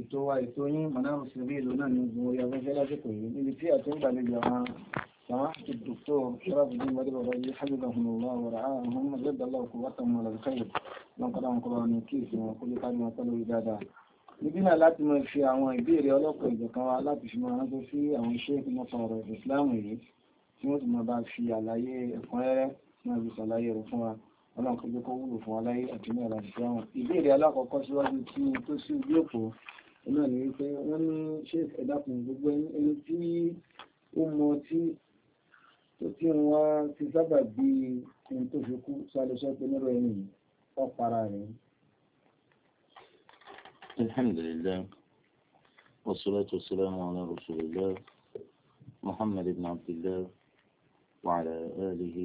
ètò wa ètò yín mọ̀nàmù sí bí ìlú náà ní ogun orí afẹ́fẹ́ lásìkò yìí níbi tí àti ń gbàlejò àwọn àwọn àti dòkítọ́ ṣọ́rábùdín wọlé bàbá yìí hájúgà fún ọ̀rọ̀ ọ̀rọ̀ àwọn ọmọ lẹ́gbẹ̀ẹ́ lọ́kọ̀ wátàmù ọ̀làkẹ́yẹ̀ lọ́kọ̀dá wọn kọ́ra ní kí ìsìn wọn kó lè kájú wọn pẹ́ lórí dáadáa níbí náà láti mọ fi àwọn ìbéèrè ọlọ́pàá ìjọkan wa láti fi máa ránṣẹ́ sí àwọn iṣẹ́ ìpínlẹ̀ ọ̀rọ̀ ìsìláàmù yìí tí wọ́n sì máa bá fi àlàyé ẹ̀kúnrẹ́rẹ́ máa fi ṣàlàyé rẹ̀ fún wa ọlọ́run wúlò fún aláyé àti ní ọ̀la ìfẹ́ ìbéèrè alákọ̀ọ́kọ́ síwájú tí tó sí ojú òpó náà ni wípé wọ́n ní ṣé ẹ̀dákùn gbogbo ẹni tí ó mọ tí tó tí wọ́n ti sábà bí ohun tó fi kú sálẹ́sọ́ pé nírọ̀ ẹni yìí wọ́n para rẹ̀. alhamdulillah wassalatu wassalamu ala rasulillah muhammad ibn abdullah وعلى آله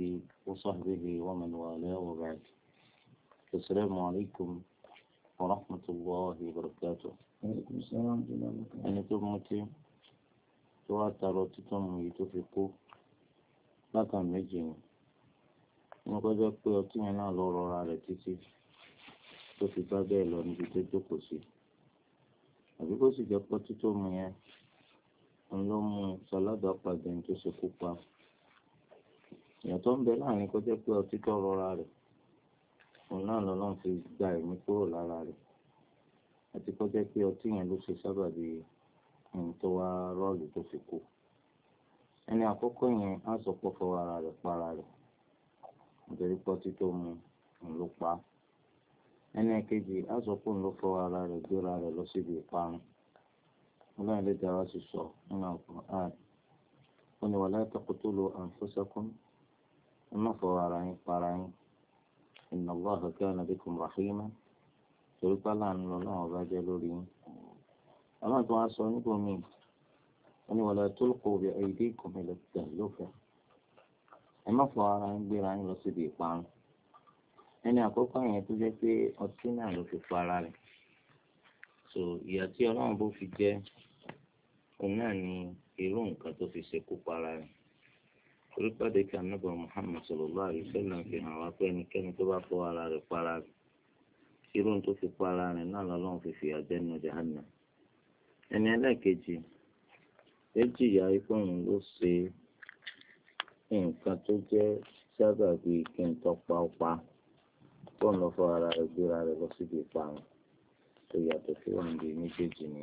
وصحبه ومن والاه وبعد السلام عليكم ورحمة الله وبركاته ẹni tó mutí tó wá tarọ títún mu yìí tó fi kú bákan méjì ni wọn kọjá pé ọtí yẹn náà lọ rọra rẹ̀ títí tó fi bá bẹ́ẹ̀ lọ níbi tó jókòó sí àbí kó sì jẹ́ pọ́ títún mu yẹn òun ló mú sọládàá pàdé tó ṣekú pa ìyàtọ̀ ń bẹ láàrin kó jẹ́ pé ọtí tó rọra rẹ̀ òun náà lọ́lọ́run fi gba ẹ̀mí kúrò lára rẹ̀ àti kó jẹ́ pé ọtí yẹn ló ṣe sábàbí ohun tó wá rọ́ọ̀lù tó fi kú ẹni àkọ́kọ́ yẹn á sọ pé fọwọ́ ara rẹ̀ para rẹ̀ nítorí pé ọtí tó mu òun ló pa á ẹni kejì á sọ pé òun ló fọwọ́ ara rẹ̀ gbéra rẹ̀ lọ síbi ìparun ọlọ́run lè dára sí sọ nínú àkùnrin ààrẹ ó ní wala taqtulu anfusakum. ẹ ara yín para yín inna Allaha kana bikum torí pálá ń lọ náà ọba jẹ́ lórí yín àwọn sọ níbo mi wọ́n ní wala tulqu bi aydikum ila tahluka ẹ má ara yín gbéra yín lọ síbi ìparun ẹni àkọ́kọ́ yẹn tó jẹ́ pé ọtí náà ló fi ara rẹ̀ so ìyà tí ọlọ́run bó fi jẹ́ òun náà ni irú nǹkan tó fi ṣekú ara rẹ̀. torí pàdé a anábọ Muhammad sallallahu alaihi wasallam fi hàn wá pé ẹnikẹ́ni tó bá fọ ara rẹ̀ para rẹ̀ irú tó fi para rẹ̀ náà lọ́lọ́run fi fìyà jẹ nínú jahannam ẹni ẹlẹ́ẹ̀kejì èjì ìyá ikú ló ṣe nǹkan tó jẹ́ kí n tó ń lọ ara rẹ̀ gbéra rẹ̀ lọ síbi ìparun tó yàtọ̀ sí wà níbi méjèèjì ni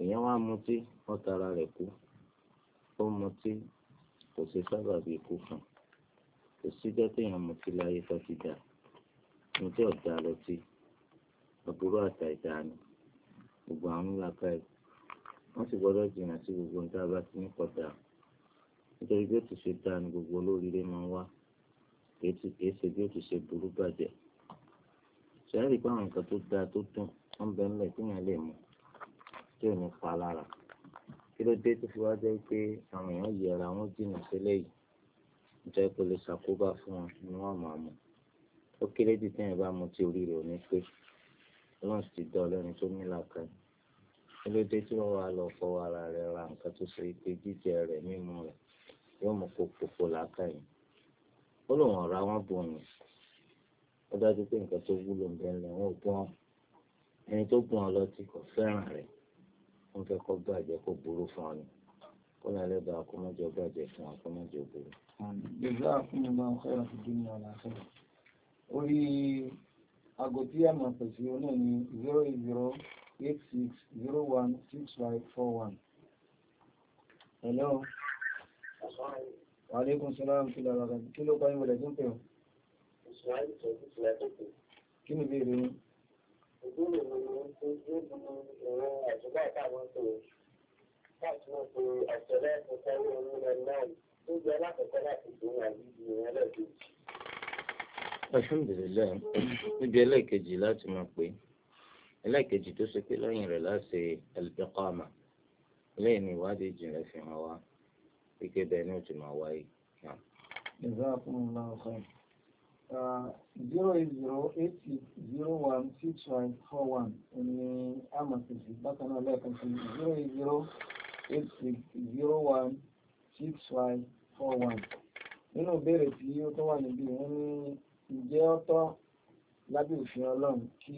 èèyàn wá mutí tara rẹ̀ kú ó mutí kò ṣe sábà bíi kú fún kò síjọ́ téèyàn mú sí láyé tó ti dà ní tí ọ̀dà lọ sí àbúrò àtà ìdá ni gbogbo àwọn ńlá káyì wọ́n sì gbọ́dọ̀ jìnnà sí gbogbo nǹkan bá ti ní kọ̀dà nítorí bí ó ti ṣe dá ni gbogbo olóríire máa ń wá kìí ṣe bí ó ti ṣe burú bàjẹ́ ṣẹ́ẹ́rì pé àwọn nǹkan tó dáa tó dùn wọ́n bẹ ńlẹ̀ téèyàn lè mú tí ò pa lára kí ló dé tó fi wá jẹ́ pé àwọn èèyàn yẹra wọn jìnnà sílẹ̀ yìí jẹ́ kó lè ṣàkóbá fún wọn ni wọ́n máa mú ó kéré jù téèyàn bá mu tí orí rẹ̀ ò ní pé ọlọ́run sì ti dá ọlọ́run tó ní làákàn kí ló dé tí wọ́n wá lọ fọwọ́ ara rẹ̀ ra nǹkan tó ṣe pé jíjẹ rẹ̀ mímu rẹ̀ yóò mú kó pòpò làákàn yìí ó lòun ọ̀rá wọn bò ní ó dájú pé nǹkan tó wúlò ń bẹ́ẹ̀ lẹ̀ ò bọ́ ẹni tó bùn ọ lọ́tì kò fẹ́ràn rẹ̀ ń fẹ́ kọ́ bàjẹ́ kó burú fún ọ ni kó náà lẹ́bàá kó má jọ bàjẹ́ fún ọ kó má jọ burú. ìgbà fún mi máa ń fẹ́ láti dín ní ọ̀la sọ̀rọ̀ orí aago tí a máa pèsè ọ náà ní zero zero eight six zero one six five four one. hello. Wa alaikum salaam kí lọ́wọ́ kí ló bá ń wọlé tó ń pè ọ́. Kí ni ìbéèrè yín? ìbéèrè mi ni pé níbi ìwé àdúgbò àtàwọn tó láti wọ́n pe àṣẹlẹ̀ ìfọ̀sẹ́rí onílẹ̀ náà tó jẹ́ alákọ̀ọ́kọ́ láti gbóhùn àbíbi ìwé ẹlẹ́gbẹ̀ẹ́. alhamdulilayi níbi ẹlẹ́ẹ̀kejì láti máa pè ẹlẹ́ẹ̀kejì tó ṣe pé lẹ́yìn rẹ̀ láti al-iqama lẹ́yìn ní ìwádìí ìjìnlẹ̀ fi hàn wá pé kébẹ̀ ni ó máa wáyé. ìzáàkùn ńlá ọ̀sán zero eight zero eight six zero one six one four one ní amọ̀tẹ̀sí bákan náà lẹ́ẹ̀kan sí zero zero eight zero one six one four one. nínú ìbéèrè tí ó tó wà níbí wọ́n ní ǹjẹ́ ó tọ́ lábẹ́ òfin ọlọ́run kí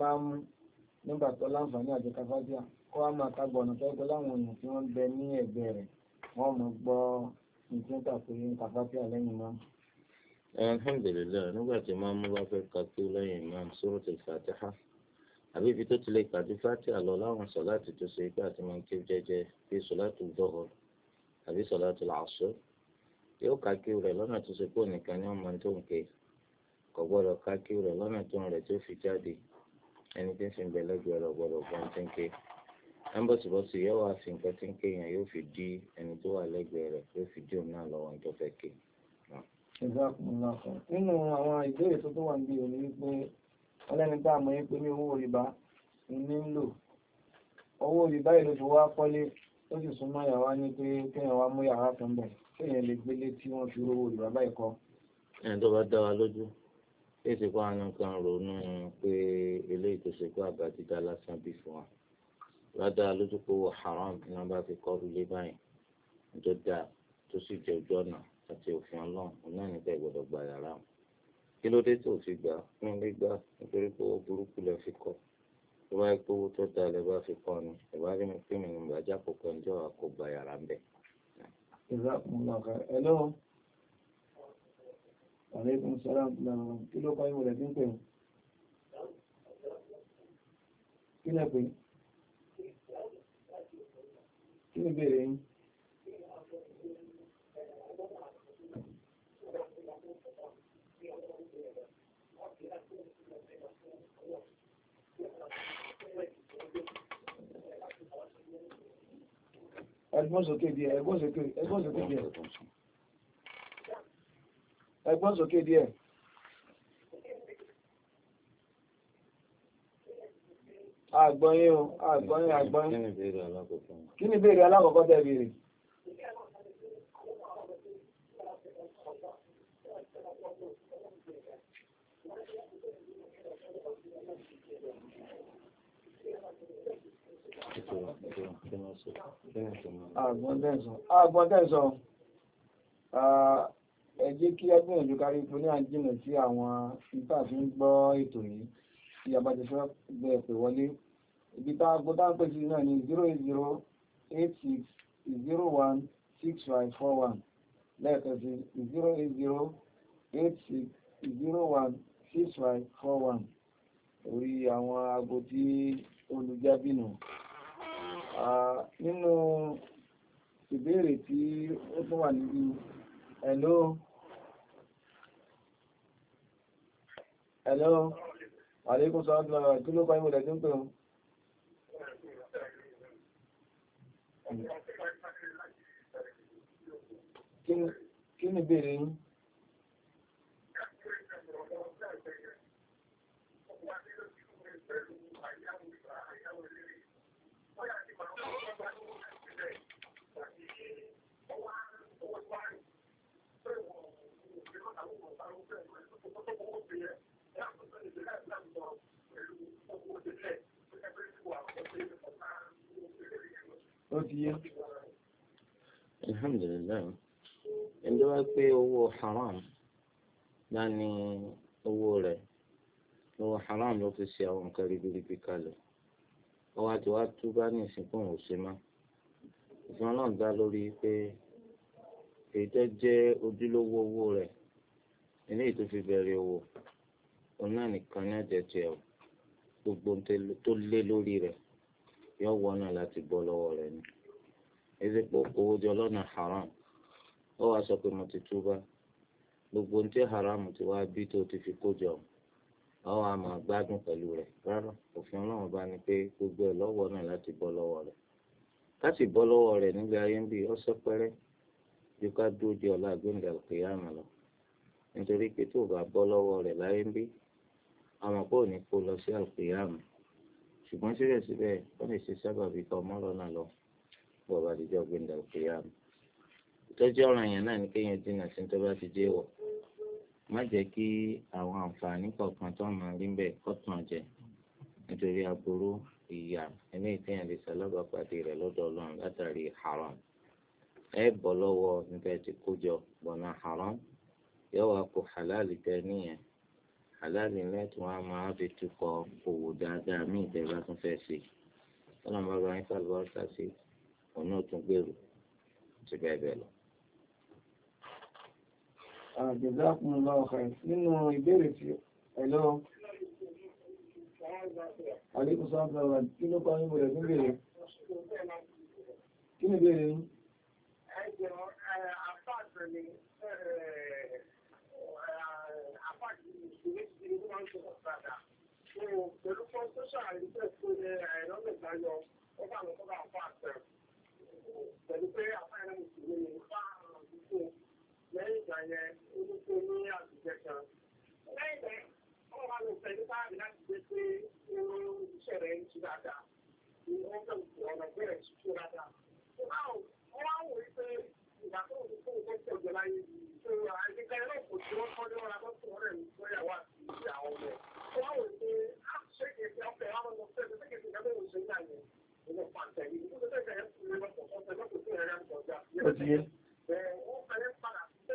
máa mú nígbà tó láǹfààní àjẹkáfájà kó a máa ká gbọ̀nà tó gbọ́ láwọn èèyàn tí wọ́n ń bẹ ní ẹ̀gbẹ́ rẹ̀ wọ́n mọ̀ gbọ́ nǹkan tàbí kàfájà lẹ́yìn náà alhamdulilayi nígbà tí máa mú bá fẹ́ ka kí lẹ́yìn imam suratul fatiha àbí ibi tó ti lè kàdí fatiha lọ láwọn sọ̀láàtì tó ṣe pé àti máa ń kí jẹ́jẹ́ bí sọ̀láàtì dọ́họ̀ àbí sọ̀láàtì làásù yóò ka kí rẹ̀ lọ́nà tó ṣe pé nìkan ni wọ́n máa ń tó ń ké kò gbọ́dọ̀ ka kí rẹ̀ lọ́nà tó ń rẹ̀ tó fi jáde ẹni tí ń fi bẹ̀lẹ́ ju ọ̀rọ̀ gbọ́dọ̀ gbọ́n tí ń ké nínú àwọn ìbéèrè tó tó wà níbi òní wípé ọlẹ́ni tá àmọ́ yín pé ní owó rìbá ní ń lò owó rìbá ìlú fi wá kọ́lé ó sì súnmọ́ yàrá ní pé kéèyàn wá mú yàrá kan bẹ̀ kéèyàn lè gbélé tí wọ́n fi owó rìbá báyìí kọ́. ẹni tó bá dá wa lójú èsì pa àánú kan ronú pé eléyìí tó ṣe pé àbá dídá lásán bí fún wa bá dá lójú pé owó haram ni wọ́n bá fi kọ́ ilé báyìí tó dáa tó sì jẹ́ ojú ọ̀nà àti òfin ọlọ́run náà níbẹ̀ gbọ́dọ̀ gba yàrá wọn kí ló dé tó fi gbà fún ilé gbà nítorí pé owó burúkú lẹ fi kọ́ tó bá yẹ pé owó tó dáa lẹ bá fi kọ́ ni ìbá rí mi pé mi ní ìbàjẹ́ àkókò ẹjọ́ àkó gba yàrá ń bẹ̀. Hello. Alaikum salaam kí ló kọ́ ìwọlẹ̀ tí ń pè Kí lẹ pè? Kí ni ìbéèrè yín? ẹgbọ́n sókè díẹ̀ ẹgbọ́n sókè díẹ̀ ẹgbọ́n sókè díẹ̀ àgbọ́nyín o àgbọ́nyín àgbọ́nyín kí ni ìbéèrè alákọ̀ọ́kọ́ tẹ́ béèrè Àgbọ̀ntẹ́sọ. Ẹ jẹ́ kí a gbìyànjú kárí ipò ní àjìnà sí àwọn ìta tí ń gbọ́ ètò yìí tí a bá ti fẹ́ gbé ẹ̀pẹ̀ wọlé. Ibi tá gbọ́ tá ń pèsè náà ni 08086016541 lẹ́ẹ̀kan sí 08086016541 orí àwọn aago tí olùjábìnà nínú ìbéèrè tí ó tún wà níbi hello hello àlékún sọ ọdún ọ̀rọ̀ ìpínlẹ̀ ọkọ̀ ìwòlẹ̀ tí ń pè kí ni ìbéèrè yín alhamdulilayi ẹni wá pé owó haram náà ni owó rẹ̀ owó haram ló fi ṣe àwọn nǹkan ribiribi kalẹ̀ ọwọ́ àti wá tú bá ní ìsìnkú òun ṣe má ìsìn náà dá lórí pé èyí tó jẹ́ ojúlówó owó rẹ̀ eléyìí tó fi bẹ̀rẹ̀ wò ọ̀nà nìkan ní ọ̀jẹ̀ tiẹ̀ o gbogbo tó lé lórí rẹ̀ yóò wọnà láti bọ́ lọ́wọ́ rẹ̀ ni ẹsẹ̀ pọ̀ owó jọ lọ́nà haram ó wàá sọ pé mo ti túbá gbogbo ní haram ti wá bí tó ti fi kó jọ ma àmọ́ gbádùn pẹ̀lú rẹ̀ rárá òfin ọlọ́run bá ní pé gbogbo ẹ̀ lọ́wọ́ náà láti bọ́ lọ́wọ́ rẹ̀ láti bọ́ lọ́wọ́ rẹ̀ nígbà ayé ń ọ́ ká dúró di ọ̀la lọ. nítorí pé tó bá bọ́ lọ́wọ́ rẹ̀ láyé ń bí àwọn ní kó lọ sí ṣùgbọ́n síbẹ̀síbẹ̀ wọ́n lè ṣe sábàbí kan mọ́ lọ́nà lọ bọ̀ bá dijọ́ gbẹ̀ndà àlùkìyàmù ìtọ́jú ọ̀ràn yẹn náà ní kéèyàn dínà sí tó bá ti dé wọ̀ má jẹ́ kí àwọn àǹfààní kọ̀ọ̀kan tó máa rí bẹ́ẹ̀ kọ́tàn jẹ nítorí aburú ẹni lè lọ́dọ̀ ọlọ́run látàrí haram ẹ bọ́ lọ́wọ́ yóò wá kó halali tẹ níyẹn halali mẹ́tún á máa fi tukọ̀ òwò dáadáa míì tẹ́ bá tún fẹ́ ṣe tọ́lá máa bá yín fàlùbọ́sà sí òun náà tún gbèrò ti bẹ́ẹ̀ bẹ́ẹ̀ lọ. Àjẹ̀dákun lọ ọ̀hẹ́ nínú ìbéèrè tí ẹ̀lọ́ Àlékún sáàbùrọ̀ kí ló kọ́ níbo rẹ̀ ní bèèrè? Kí ni bèèrè yín? Ẹgbẹ̀rún eh, àpáàtọ̀ ni eh, méjì ìgbà tó ń kó ìgbésẹ̀ ìjọba yìí, ìṣòro àìsíkẹ́ ẹlọ́pọ̀ tí wọ́n kọ́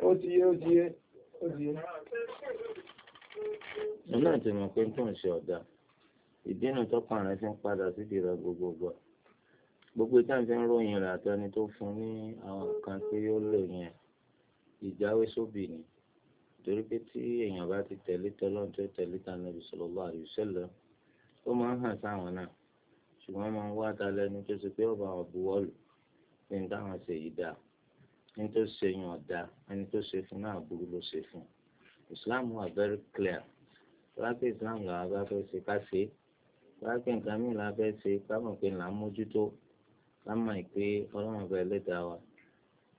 ó ti yé ó ti yé ó ti yé ó ti yé. mo náà ti mọ̀ pé tó ń ṣe ọ̀dà ìdínà tọ́kàn rẹ̀ fi ń padà sídìí rẹ̀ gbogbogbò gbogbo ìtàn fi ń ròyìn rẹ̀ àtẹni tó fún ní àwọn nǹkan pé ó lò yẹn ìjáwé sóbì ni torí pé tí èèyàn bá ti tẹ̀lé tọ́lọ́n tó tẹ̀lé ta nàbì sallallahu alaihi wasallam ó máa ń hàn sáwọn náà ṣùgbọ́n máa ń wá ta lẹ́nu tó ṣe pé ó bá wọn buwọ́lù ní táwọn ṣe yìí dáa ní tó ṣe yàn ọ̀dà ẹni tó ṣe fún náà burú ló ṣe fún Islam wà very clear lápé Islam làwọn bá fẹ́ ṣe ká ṣe lápé nǹkan mìíràn la fẹ́ ṣe ká mọ̀ pé là ń mójútó ká mọ̀ pé ọlọ́run ọba ẹlẹ́dàá wa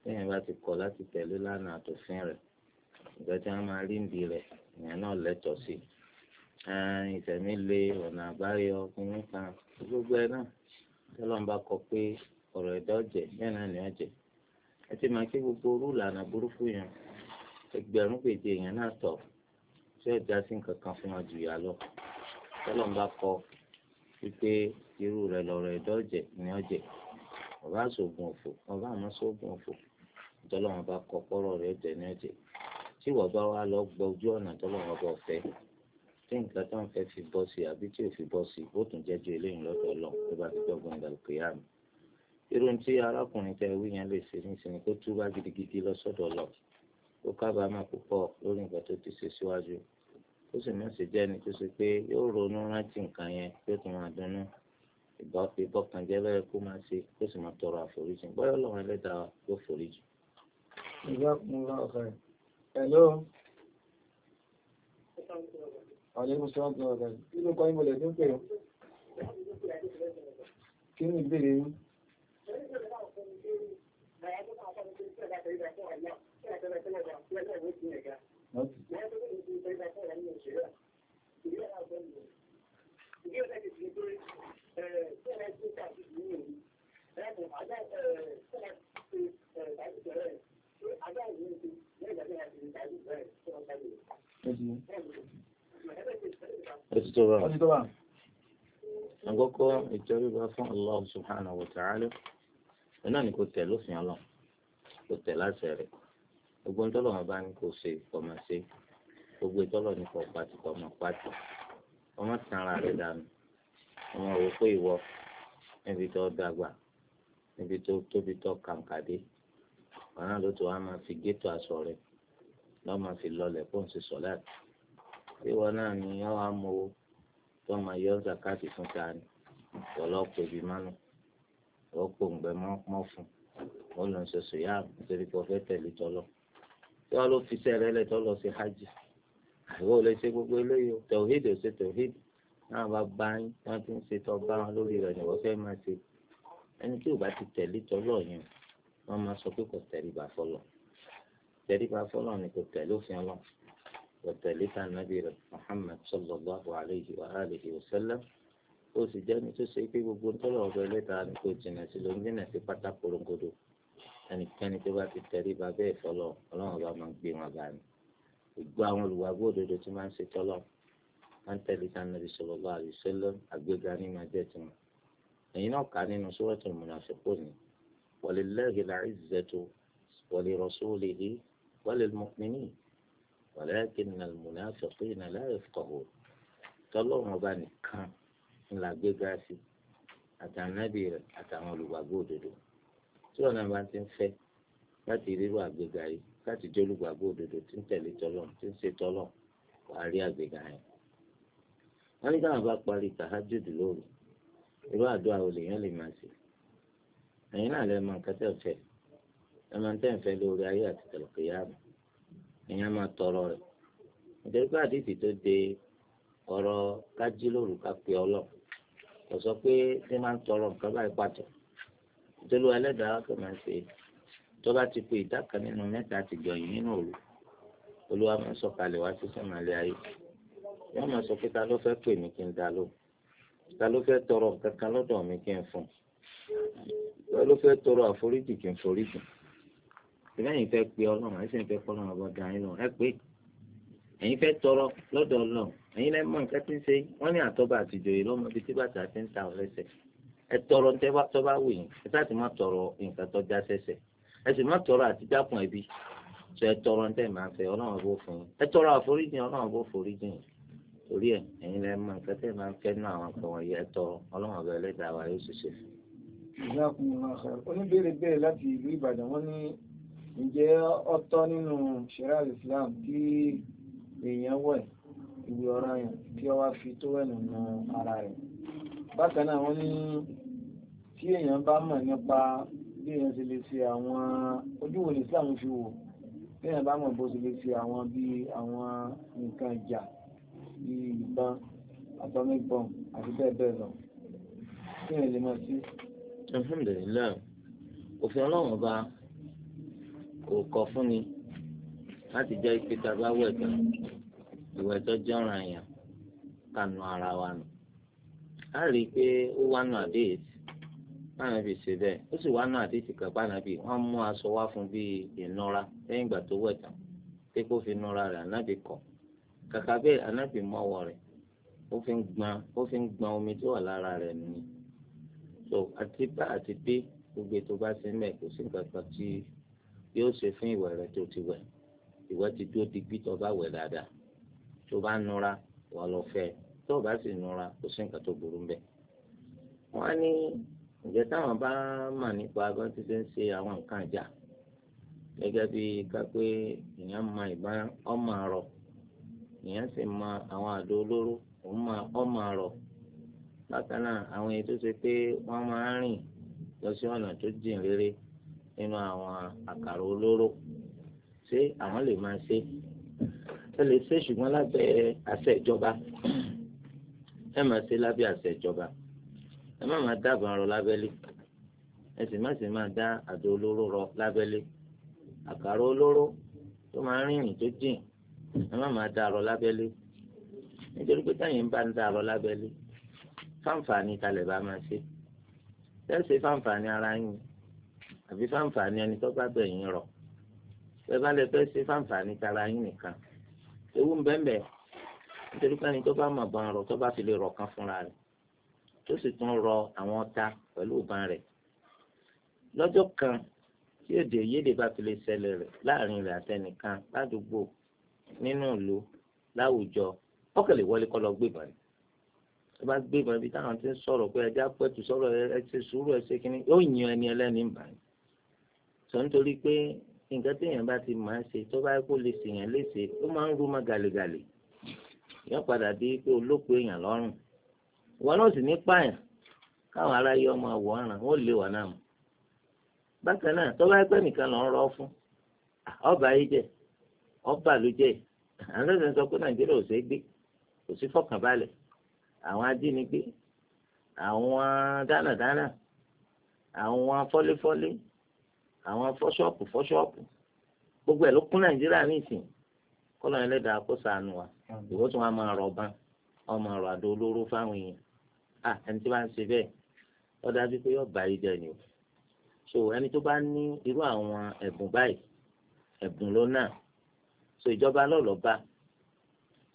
téèyàn bá ti kọ̀ láti tẹ̀lé lánàá àtòfin rẹ̀ ìgbàjá máa rí ìdí rẹ̀ ìyẹn náà sí ìtẹ̀mí lé ọ̀nà àbáyọ kínní kan gbogbo ẹ náà tọ́lọ́mùbá kọ pé ọ̀rọ̀ ẹ̀dá ọ̀jẹ̀ bẹ́ẹ̀ náà ni ọ̀jẹ̀ ẹ ti máa kí gbogbo orú ìlànà burúkú yẹn ẹgbẹ̀rún pèjì èèyàn náà tọ̀ tí ọ̀já sí nǹkan kan fún wọn jù yà lọ kọ wípé irú rẹ̀ lọ̀rọ̀ ẹ̀dá ọ̀jẹ̀ ni ọ̀jẹ̀ ọ̀bá òfò ọ̀bá tí wọ́n bá wá lọ gba ojú ọ̀nà tó lọ́wọ́ bọ̀ fẹ́ tí nǹkan tó ń fẹ́ fi bọ́ sí àbí tí ò fi bọ́ sí ó tún jẹ́jọ́ eléyìí lọ́dọ̀ lọ tó bá ti dọ́gbọ́n ìdàlùkọ́ yá mi. irun tí arákùnrin tẹ wí yẹn lè ṣe nísìnyí kó túbá gidigidi lọ́sọ̀dọ̀ lọ ó kábàámọ̀ púpọ̀ lórí nǹkan tó ti ṣe síwájú ó sì máa ṣe jẹ́ ẹni tó ṣe pé yóò ronú rántí nǹkan yẹn yóò tún máa dunnú ìbọkànjẹ́ lọ́yẹ kó máa ṣe ó sì máa tọrọ àforíjì bọ́yọ̀ lọ́wọ́ ẹlẹ́dàá yóò foríjì. ìbá kún lọ́ọ̀kan Hello. Àlékún sí ọ̀pọ̀ ọ̀gá. Kí ló kọ́ ìmọ̀lẹ̀ tó ń pè ọ́? Kí ni ìbéèrè yín? Thank you. Ó ti tó bá. Àkọ́kọ́ ìtẹríba fún Allah subhanahu wa ta'ala. Ẹ náà ni kò tẹ̀ lófin ọlọ́run, kò tẹ̀ láṣẹ rẹ̀. Gbogbo ń tọ́lọ̀ wọn bá ní kò ṣe ọmọ ṣe. Gbogbo ìtọ́lọ̀ ní kò pàtì kò ọmọ pàtì. Ọmọ tanra rẹ̀ dànù. Ọmọ òwò pé ìwọ níbi tó dàgbà, níbi tó tóbi tó kàǹkàdé wọn náà ló tó wá máa fi gétò aṣọ rẹ lọ́ máa fi lọlẹ̀ pọ̀ ń ṣe sọ̀láàtì tí wọn náà ní ọwọ́ amowó tó máa yọ zakati fún ta ni ọlọ́pọ̀ ibi mánu ọ̀pọ̀ ǹgbẹ́ mọ́ fún ó lọ ṣe sòyà nítorí pé ọfẹ́ tẹ̀lé tọ́lọ́ tí wọn ló fi iṣẹ́ rẹ lẹ̀ tọ́lọ́ sí hajj àìwọ́ ò lè ṣe gbogbo eléyìí o tẹ̀wéèd ò ṣe tẹ̀wéèd náà bá bá yín wọn ti ń ṣe tọ́ bá wọn lórí rẹ̀ ni fẹ́ máa ṣe ẹni tí ò bá ti tẹ̀lé tọ́lọ́ yẹn o wọ́n máa sọ pé kò tẹríba fọlọ́ tẹríba fọlọ́ ni kò tẹ̀lé òfin ọlọ́ kò tẹ̀lé ta nàbí rẹ̀ Muhammad sallallahu alayhi wa alihi wa sallam ó sì jẹ́ ní tó ṣe pé gbogbo ntọ́lọ̀ ọ̀bẹ lẹ́ta ni kò jìnà sí ló ń jìnà sí pátá korongodo ẹnikẹ́ni tó bá ti tẹríba bẹ́ẹ̀ fọlọ́ ọlọ́run ọba máa ń gbé wọn bá ìgbọ́ àwọn olùwàgbọ́ òdodo tí máa ń ṣe tọ́lọ̀ máa ń tẹ̀lé ta nàbí sallallahu alayhi wa sallam àgbéga ní máa tiwọn ẹ̀yin náà kà nínú Suratul Munafiqun ni ولله العزة ولرسوله وللمؤمنين ولكن المنافقين لا يفقهون تلوم بني كان لا جاسي àtànábì rẹ àtàwọn olùgbàgbọ́ òdodo tí ọ̀nà bá ti ń fẹ́ láti rírú àgbéga yìí láti jẹ́ olùgbàgbọ́ òdodo tí ń tẹ̀lé tọ́lọ̀ tí ń ṣe tọ́lọ̀ wàá rí àgbéga yẹn. wọ́n ní káwọn bá parí tàhájúdù lóru irú àdúrà olèyàn lè máa ṣe ẹ̀yin náà lè mọ nǹkan tẹ̀ fẹ́ ẹ máa ń tẹ̀ ń fẹ́ lórí ayé àti tẹ̀lẹ̀kẹ̀yàmù ẹ̀yin á máa tọrọ rẹ̀ nítorí pé àdìsí tó de ọ̀rọ̀ kájí lóru ká pe ọlọ́ kò sọ pé ṣé máa ń tọrọ nǹkan báyìí pàtó ìtọ́lú ẹlẹ́dàá kò máa ń ṣe tó bá ti pe ìdá kan nínú mẹ́ta ti gbọ̀yìn nínú òru olúwa máa sọ kalẹ̀ wá sí sọ́màlẹ́ ayé wọ́n máa sọ pé ta ló fẹ́ pè mí kí n dá lóhùn ta ló fẹ́ tọrọ nǹkan kan mi kí n fún un wọ́n ló fẹ́ tọrọ àforíjì kì í foríjì ìlẹ́yìn fẹ́ pé ọlọ́run ẹ̀sìn fẹ́ kọ́ ọlọ́run ọba dàn yín lọ ẹ pé ẹ̀yin fẹ́ tọrọ lọ́dọ̀ ọlọ́run ẹ̀yin lẹ́ mọ̀ nǹkan tí ń ṣe wọ́n ní àtọ́ba àtìjòyè lọ́mọdé tí bàtà ti ń ta ọ̀rẹ́sẹ̀ ẹ tọrọ tọ́ba wù yín ẹ sáà ti má tọrọ nǹkan tó já sẹ́sẹ̀ ẹ sì má tọrọ àtijákun ẹbí sọ ẹ tọrọ ń tẹ̀ máa fẹ́ ọlọ́run bó fún yín ẹ tọrọ àforíjìn ọlọ́run bó foríjìn torí ẹ ẹ̀yin lẹ́ mọ̀ nǹkan tẹ̀ máa fẹ́ nú àwọn kan wọ̀nyí ẹ tọrọ ọlọ́run ọba ẹlẹ́dàá wa yóò ṣiṣẹ́ fún ìzákùnrin ọ̀sẹ̀ oníbèrè bẹ́ẹ̀ láti ìlú Ìbàdàn wọ́n ní ǹjẹ́ ọ̀tọ̀ nínú ṣẹ̀rá Islam tí èèyàn wẹ̀ ìwé ọ̀rọ̀ yẹn tí ó wá fi tó wẹ̀nà na ara rẹ̀ bákan náà wọ́n ní tí èèyàn bá mọ̀ nípa bí èèyàn ṣe lè ṣe àwọn ojú wo ní Islam fi wò bí èèyàn bá mọ̀ bó ṣe lè ṣe àwọn bí àwọn nǹkan ìjà bí ìbọn atomic bomb àti bẹ́ẹ̀ bẹ́ẹ̀ lọ kí èèyàn lè mọ̀ sí alhamdulilayi òfin ọlọ́run ọba kò kọ̀ fún mi láti jẹ́ ipe tá a bá wẹ̀ tán ìwẹ̀ tó jẹ́ ọ̀ràn àyàn ká nu ara wa nù a rí i pé ó wá nù àdéhìí báwọn fi ṣe bẹ́ẹ̀ ó sì wá nù àdéhìí kan báwọn fi wọ́n mú aṣọ wá fún bíi ìnura lẹ́yìn ìgbà tó wẹ̀ tán pé kó fi nura rẹ̀ ànábì kọ̀ kàkà bẹ́ẹ̀ ànábì mọ́wọ́ rẹ̀ ó fi ń gbọn ó fi ń gbọn omi tó wà lára rẹ̀ nìyí. so àti bá àti dé gbogbo ètò bá ti mẹ kò sí nǹkan kan tí yóò ṣe fún rẹ tó ti wẹ̀ ìwẹ̀ ti dúró digbí tó bá wẹ̀ dáadáa tó bá nura wà lọ fẹ tó bá sì nura kò sí nǹkan tó burú mbẹ. wọn á ní ìjẹ táwọn bá mà nípa ti ṣe ń ṣe àwọn nǹkan ìjà gẹ́gẹ́ èèyàn ma ìbọn ọmọ àrọ èèyàn ma àwọn àdó olóró òun ma ọmọ bákan náà àwọn èyí tó ṣe pé wọ́n máa ń rìn lọ sí ọ̀nà tó jìn rere nínú àwọn àkàrà olóró ṣé àwọn lè máa ṣe ẹ lè ṣe ṣùgbọ́n lábẹ́ àṣẹ ìjọba ẹ máa ṣe lábẹ́ àṣẹ ìjọba ẹ má máa dábàá rọ lábẹ́lé ẹ sì má sì máa dá àdó olóró rọ lábẹ́lé àkàrà olóró tó máa ń rìnrìn tó jìn ẹ má máa dá rọ lábẹ́lé nítorí pé táyìn bá ń dá rọ lábẹ́lé fáǹfààní kalẹ̀ bá máa ṣe tẹ́sí fáǹfààní ara yín àbí fáǹfààní ẹni tó bá bẹ̀ yín rọ̀ tẹ́ bá lè fẹ́ ṣe fáǹfààní tara yín nìkan ewu ń bẹ́ẹ̀ bẹ́ẹ̀ nítorí pé ẹni tó bá mọ̀ bọ́n rọ̀ tó bá fi lè rọ̀ kan fúnra rẹ̀ tó sì tún rọ àwọn ọ̀tá pẹ̀lú ìbọn rẹ̀ lọ́jọ́ kan tí èdè òyédè bá fi lè ṣẹlẹ̀ rẹ̀ láàrin rẹ̀ àtẹnìkan ládùúgbò nínú ìlú láwùjọ ọkọ̀ wọlé kọ́ lọ gbébọn ni tó bá gbé ìbọn ibi táwọn ti ń sọ̀rọ̀ ẹja pẹ̀tù sọ̀rọ̀ ẹ sùúrù kínní yóò yan ẹni ẹlẹ́ni ń sọ nítorí pé nǹkan téèyàn bá ti máa ń ṣe tó bá kó lè ṣèyàn léṣe ó máa ń ma gàlègàlè olóko èèyàn lọ́rùn wà náà mọ́ àwọn ajínigbé àwọn dánàdánà àwọn fọ́léfọ́lé àwọn fọ́ṣọ́ọ̀pù fọ́ṣọ́ọ̀pù gbogbo ẹ̀ ló kún nàìjíríà nísìn kọ́lọ́ ẹlẹ́dàá kó sànù wa ìwọ tí wọ́n máa rọ̀ bán wọ́n máa rọ̀ àdó olóró fáwọn èèyàn à ẹni tí wọ́n ń ṣe bẹ́ẹ̀ ó dájú pé yóò bá yìí jẹ ni o so ẹni tó bá ní irú àwọn ẹ̀bùn báyìí ẹ̀bùn ló náà so ìjọba lọ́lọ́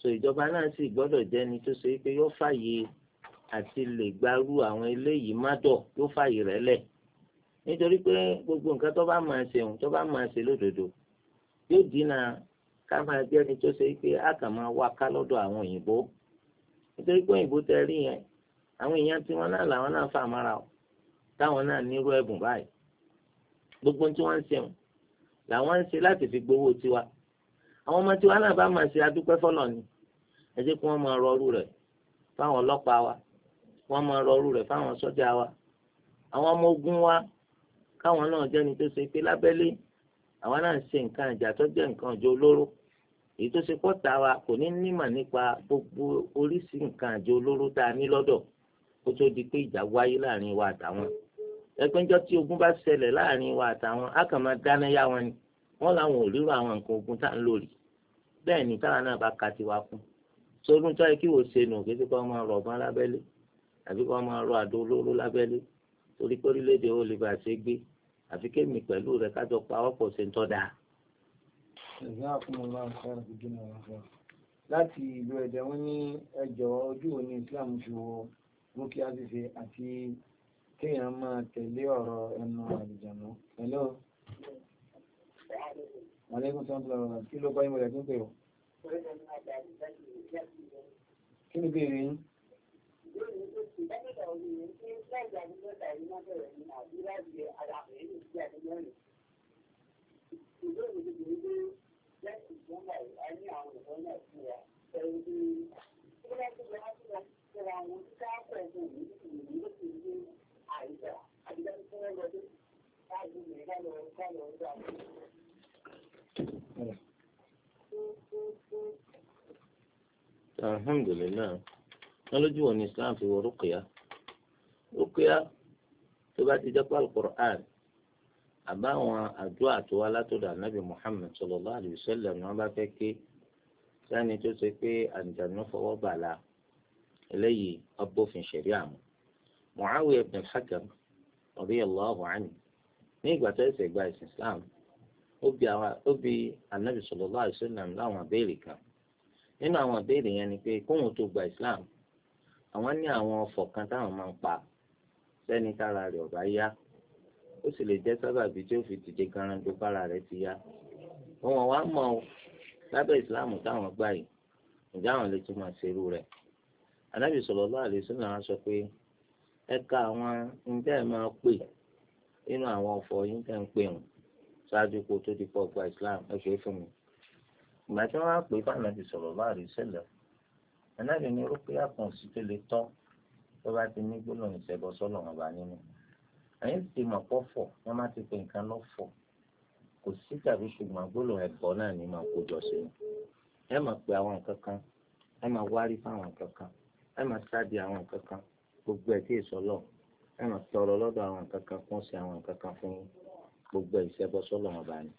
so ìjọba náà sì gbọ́dọ̀ jẹ́ni tó ṣe pé yóò fàyè àti lè gbarú àwọn eléyìí má dọ̀ yóò fàyè rẹ̀ lẹ̀ nítorí pé gbogbo nǹkan tó bá máa ṣe òun tó bá máa ṣe lódodo yóò dínà ká máa jẹ́ni tó ṣe pé a kàn máa wá ká lọ́dọ̀ àwọn òyìnbó nítorí pé òyìnbó tẹ rí yẹn àwọn èèyàn tí wọn náà làwọn náà fà mára o táwọn náà nírú ẹ̀bùn báyìí gbogbo tí wọ́n ń ṣe làwọn ń ṣe láti fi gbowó tiwa àwọn ọmọ tiwa náà bá máa ṣe adúpẹ́ fọlọ́ ni ẹ jẹ́ kí wọ́n máa rọrú rẹ̀ fáwọn ọlọ́pàá wa kí wọ́n máa rọrú rẹ̀ fáwọn sọ́jà wa àwọn ọmọ ogun wa káwọn náà jẹ́ni tó ṣe pé lábẹ́lé àwọn náà ṣe nǹkan ìjà tó jẹ́ nǹkan ìjọ olóró èyí tó ṣe pọ́ta wa kò ní nímọ̀ nípa gbogbo oríṣi nǹkan àjọ olóró tá a ní lọ́dọ̀ kó tó di pé ìjà wáyé láàrin wa àtàwọn ẹgbẹ́njọ́ tí ogun bá ṣẹlẹ̀ láàrin wa àtàwọn á kàn máa dáná yá wọn ni wọ́n làwọn ò ríro àwọn nǹkan ogun tá à ń lò rí bẹ́ẹ̀ ni táwọn náà bá ka tiwa kún sọdún tó yẹ kí wò ṣe nù kí kí wọ́n máa rọ̀ ọ̀bọ̀n lábẹ́lé àbí kí wọ́n máa rọ àdó olóró lábẹ́lé torí pé orílẹ̀-èdè ó lè bàa ṣe gbé àfi kémi pẹ̀lú rẹ̀ kájọ pa ọ̀pọ̀ ṣe ń tọ́ da. láti ìlú ẹ̀dẹ̀ wọ́n ní ẹjọ́ ojú wo ni Islam fi wo rúkìá ṣíṣe àti kéèyàn máa tẹ̀lé ọ̀rọ̀ ẹnu àlùjànnú. Hello. wàlẹ́kùn kí ló bá yín wọlé Kí ni bèèrè yín? Thank you. alhamdulilayi wọn lójú wọn ní islam fi wọ rúkìá rúkìá tó bá ti jẹ́ pé alukur'an àbáwọn àdúrà tó wá látọ̀dọ̀ anabi muhammed sallallahu alayhi wa sallam ni wọ́n bá fẹ́ ké sani tó ṣe pé àǹjànú fọwọ́ bàlá eléyìí abófin ṣẹ̀ríà mu muawiya ibn al-hakam radiyallahu anhu ní ìgbà tó ẹsẹ̀ gba ìsìn islam ó bi anabi sallallahu alayhi láwọn abéèrè kan. nínú àwọn ìbéèrè yẹn ni pé kóhun tó gba Islam àwọn ní àwọn ọ̀fọ̀ kan táwọn máa ń pa sẹ́ni tára rẹ̀ ọ̀bá yá ó sì lè jẹ́ sábàbí tí ó fi dìde garan tó bára rẹ̀ ti yá wọn wá mọ̀ ọ́ lábẹ́ Islam táwọn gbà yìí ǹjẹ́ àwọn lè tún máa ṣerú rẹ̀ anábì sallallahu alaihi wasallam sọ pé ẹ̀ka àwọn ǹjẹ́ ẹ̀ máa pè nínú àwọn ọ̀fọ̀ yìí tẹ̀ ń pè wọ́n ṣáájú kó tó di pọ̀ gba Islam ẹ̀ ṣe fún mi. ìgbà tí wọ́n á pè fún ànábì sọ̀rọ̀ bá rí sẹ́lẹ̀ ànábì ní rúpẹ́ àkànṣe tó lè tọ́ tó bá ti ní gbólóhùn ìṣẹ́gbọ́ sọ́lọ̀ wọn bá nínú àyìn ti mọ̀ pọ̀ fọ̀ wọ́n má ti pe nǹkan lọ́ fọ̀ kò sí tàbí ṣùgbọ́n gbólóhùn ẹ̀bọ náà ní máa kó jọ sí ẹ máa pe àwọn nǹkan kan ẹ máa wárí fáwọn nǹkan kan ẹ máa sáàdì àwọn nǹkan kan gbogbo ẹ̀ tí èso lọ ẹ máa tọrọ lọ́dọ̀ àwọn nǹkan kan kún sí àwọn nǹkan kan fún gbogbo ìṣẹ́gbọ́ sọ́lọ̀ wọn bá ní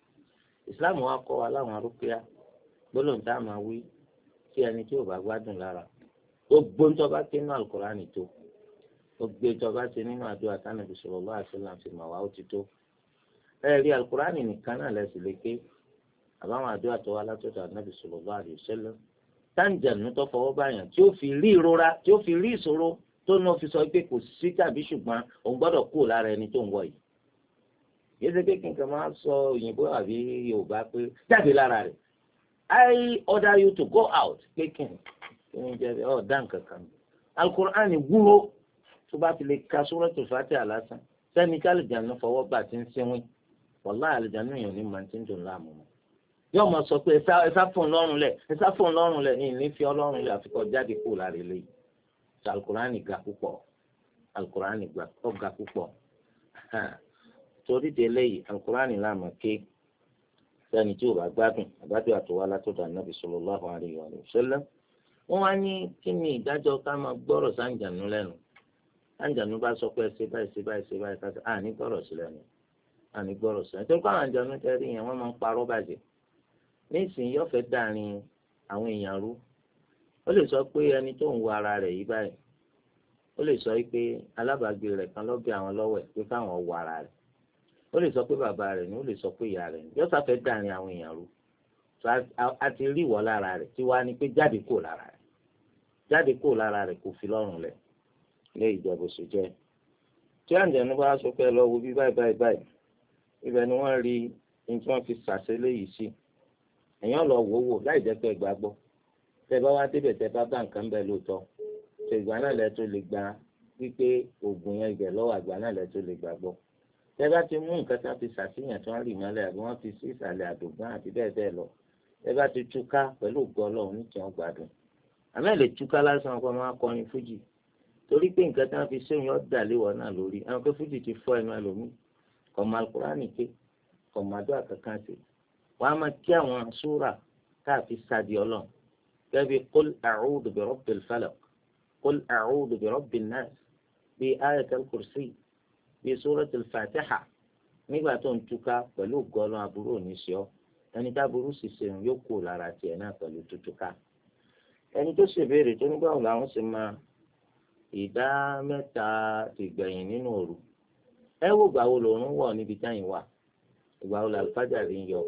ìsìláàmù wa kọ́ wa láwọn arúgbó gbọ́dọ̀ tá a máa wí tí ẹni tí ò bá gbádùn lára gbogbo tó bá ké nínú alukurani tó gbogbo tó bá ti nínú àdúrà tánàbí sallallahu alaihi wasallam fi mà wá ó ti tó ẹ rí alukurani nìkan náà lẹ́sìn lè ké àbáwọn àdúrà tó wá látọ̀dọ̀ ànábì sallallahu alaihi wasallam táǹjẹ̀nù tó fọwọ́ báyàn tí ó fi rí ìrora tí ó fi rí ìṣòro tó náà fi sọ pé kò sí tàbí ṣùgbọ́n òun gbọ́dọ̀ kú lára ẹni tó ń wọ̀ yìí yéé ṣe pé kí nǹkan máa sọ òyìnbó àbí yorùbá pé jáde lára rẹ̀ I order you to go out pé kí ni kí ni jẹ́ ọ dá nǹkan kan bí alukur'an wúwo tó bá fi lè ka sórọ́tò fàtí àlásán sẹ́ni ká àlùjánu fọwọ́ bá ti ń sẹ́wìn wàlá àlùjánu yẹn ní màá ti ń dùn láàmú yóò mọ sọ pé ẹsá fún lọ́rùn lẹ̀ ẹsá fún lọ́rùn lẹ̀ ní ìní fi ọlọ́run lẹ̀ àfikọ́ jáde kúrò lára ilé yìí alukur'an ga púpọ̀ alukur'an ga púpọ̀ torí de lẹ́yìn alukur'an láàmú kéèkì sẹ́ni tí ò bá gbádùn àbájọ àtọwá látọ̀dọ̀ ànábì sallallahu alaihi wa sallam wọ́n wá ní kí ni ìdájọ́ ká máa gbọ́rọ̀ sáǹjànú lẹ́nu sáǹjànú bá sọ pé ṣe báyìí ṣe báyìí ṣe báyìí káṣí àní gbọ́rọ̀ sí lẹ́nu àní gbọ́rọ̀ sí lẹ́nu tó kọ́ àwọn àjànú tẹ́rí yẹn wọ́n máa ń parọ́ bàjẹ́ nísìnyí yóò fẹ́ dáàrin àwọn èèyàn rú ó lè sọ pé ẹni tó ń wo ara rẹ̀ yìí báyìí ó lè sọ pé alábàágbé rẹ̀ kan lọ́ọ́ bí àwọn lọ́wọ́ ẹ̀ pé káwọn wo ara rẹ̀ ó lè sọ pé bàbá rẹ̀ ni ó lè sọ pé ìyá rẹ̀ ni yóò sáfẹ́ dàrin àwọn èèyàn rú so a ti rí ìwọ lára rẹ̀ tí wàá ní pé jáde kúrò lára rẹ̀ jáde kúrò lára rẹ̀ kò fi lọ́rùn lẹ̀ lé ìjọba oṣù jẹ́ tí àǹjẹ̀nu bá sọ pé lọ wo bí báyìí báyìí báyìí ibẹ̀ ni wọ́n rí ní tí wọ́n fi sàṣẹ léyìí sí èèyàn lọ wò wò láì jẹ́ pé gbàgbọ́ tẹ bá wá débẹ̀ tẹ bá bá nǹkan bẹ́ẹ̀ lóòótọ́ ṣègbà náà lẹ tó lè gba wípé oògùn yẹn ibẹ̀ lọ́wọ́ àgbà náà lẹ tó lè gbàgbọ́ tẹ bá ti mú nǹkan tí wọ́n fi ṣàṣeyàn tí wọ́n rì mọ́lẹ̀ àbí wọ́n fi sí ìsàlẹ̀ àdògbọn àti bẹ́ẹ̀ bẹ́ẹ̀ lọ tẹ bá ti túká pẹ̀lú ògo Ọlọ́run ní kí wọ́n gbádùn àmọ́ ẹ lè túká lásán ọkọ máa kọrin fújì torí pé nǹkan tí wọ́n fi ṣéyìn ọdà léwọ náà lórí àwọn pé fújì ti fọ́ ẹnu ẹlòmíì kọmọ alukurani ké kọmọ adó àkàkàn sí wọ́n á máa kí àwọn súrà káàfi sáàdì Ọlọ́run gẹbi kol a'udhu bi rabbil kol a'udhu bi rabbin nas bi ayatul bíi suratul fatiha nígbà tó ń túká pẹ̀lú gọ́lọ́ aburú òní sí ọ ẹni táburú sì ṣeun yóò kó lára tiẹ̀ náà pẹ̀lú tútúká ẹni tó ṣèbéèrè tó nígbà wo làwọn sì máa ìdá mẹ́ta ìgbẹ̀yìn nínú òru ẹ wò gbà wo lòun wọ̀ níbi táyìn wà ìgbà wo làlùfájàrí ń yọ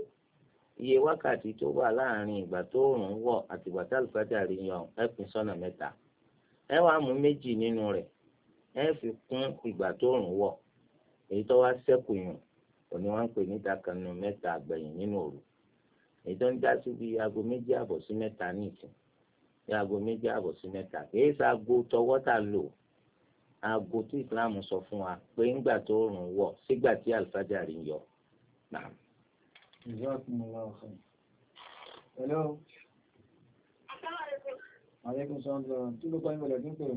iye wákàtí tó wà láàrin ìgbà tó òòrùn wọ̀ àti ìgbà tàlùfájàrí yọ ẹ pín sọ́nà mẹ́ta ẹ wàá mú méjì nínú rẹ̀ ẹ fi kún ìgbà tó òòrùn wọ̀ èyí tó wá sẹ́kù yẹn òní wọ́n ń pè níta kan nù mẹ́ta àgbẹ̀yìn nínú òru èyí tó ń já sí bíi aago méjì àbọ̀ sí mẹ́ta ní ìsìn bí aago méjì àbọ̀ sí mẹ́ta kìí ṣe aago tọwọ́ tà lò aago tí Islam sọ fún wa pé ńgbà tó rùn wọ̀ sígbà tí àlùfájà rí yọ. Hello. Àlékún sọ́ńdọ̀, kí ló kọ́ ìwọlẹ̀ tó ń pè ọ́?